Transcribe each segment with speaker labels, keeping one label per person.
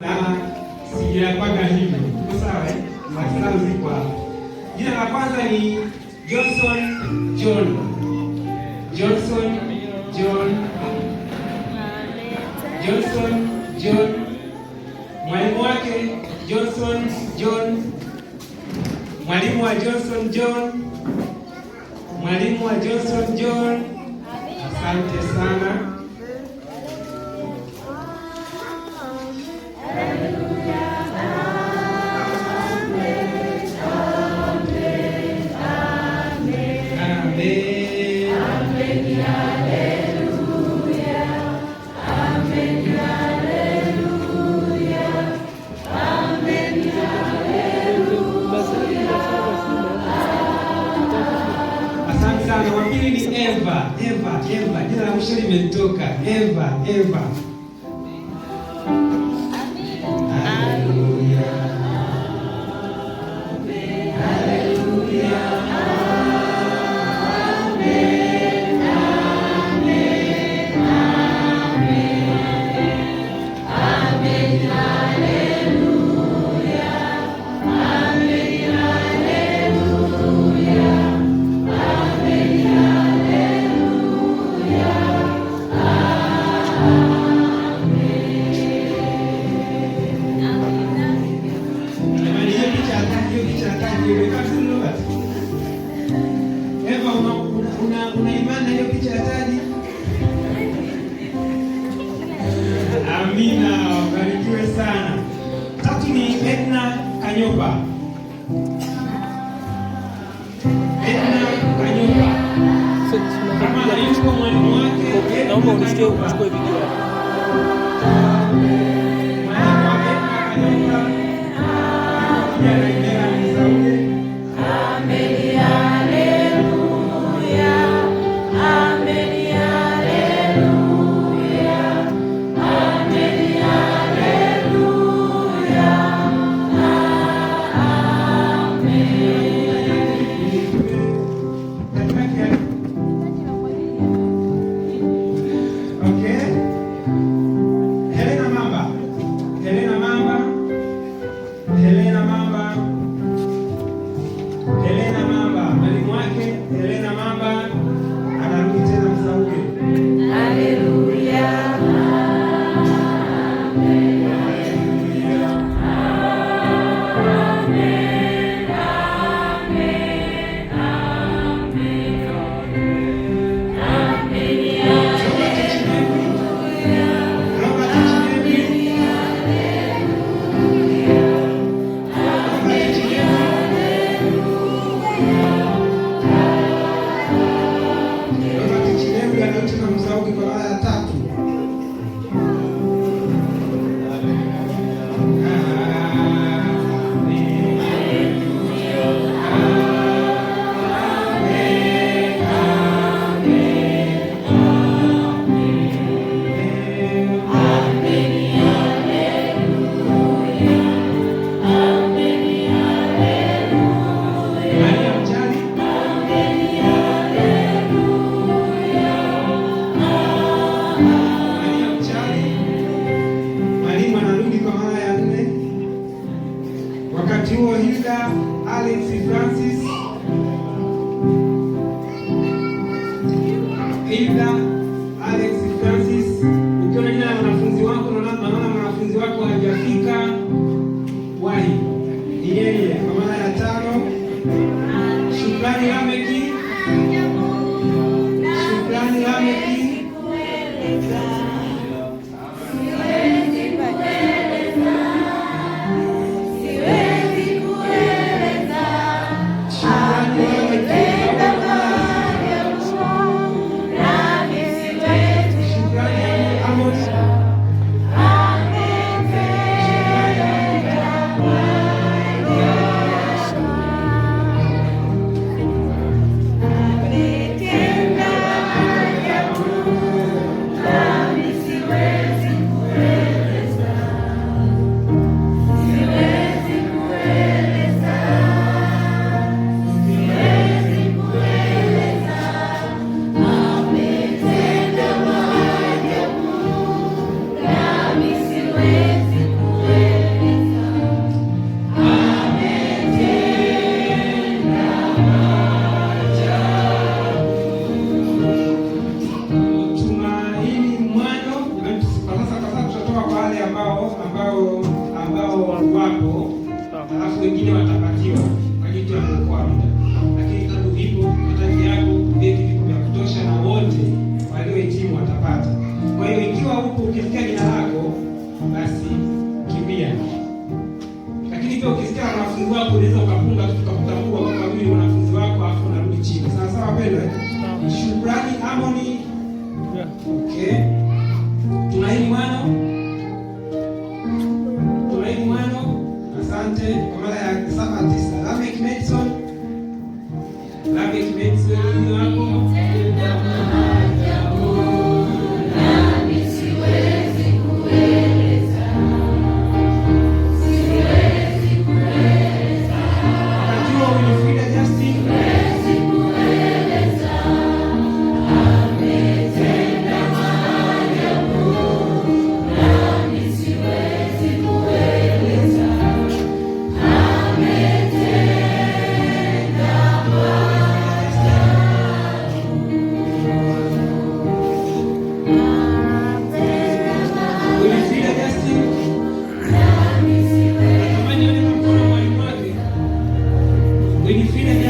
Speaker 1: na sijapaga hivyo sawa, kwa jina la kwanza ni Johnson John Johnson John Johnson John, mwalimu wake Johnson John, mwalimu wa Johnson John, mwalimu wa Johnson John. Asante sana. kuchoka ever ever. Kopi,
Speaker 2: non, que eu usko ebitua.
Speaker 1: Imaginamente kufungua When you feel like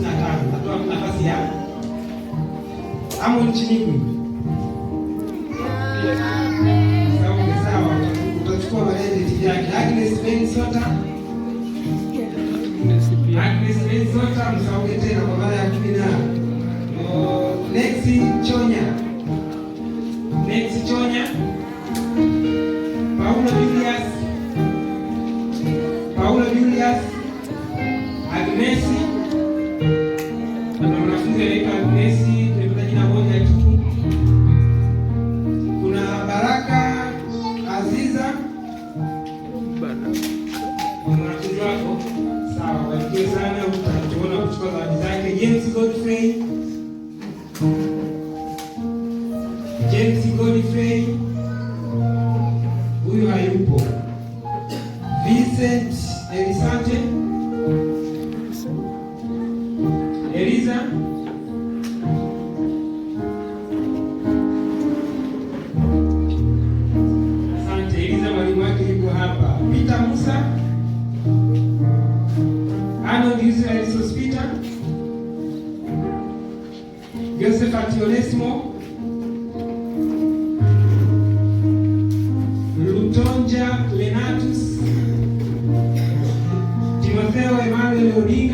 Speaker 1: hamsini na tano natoa nafasi ya amu nchini sawa, utachukua Agnes Agnes tena kwa mara ya marafiki zako sawa, waikie sana, utatuona kuchukua zawadi zake James Godfrey Kuja Lenatus Timotheo Emmanuel Odinga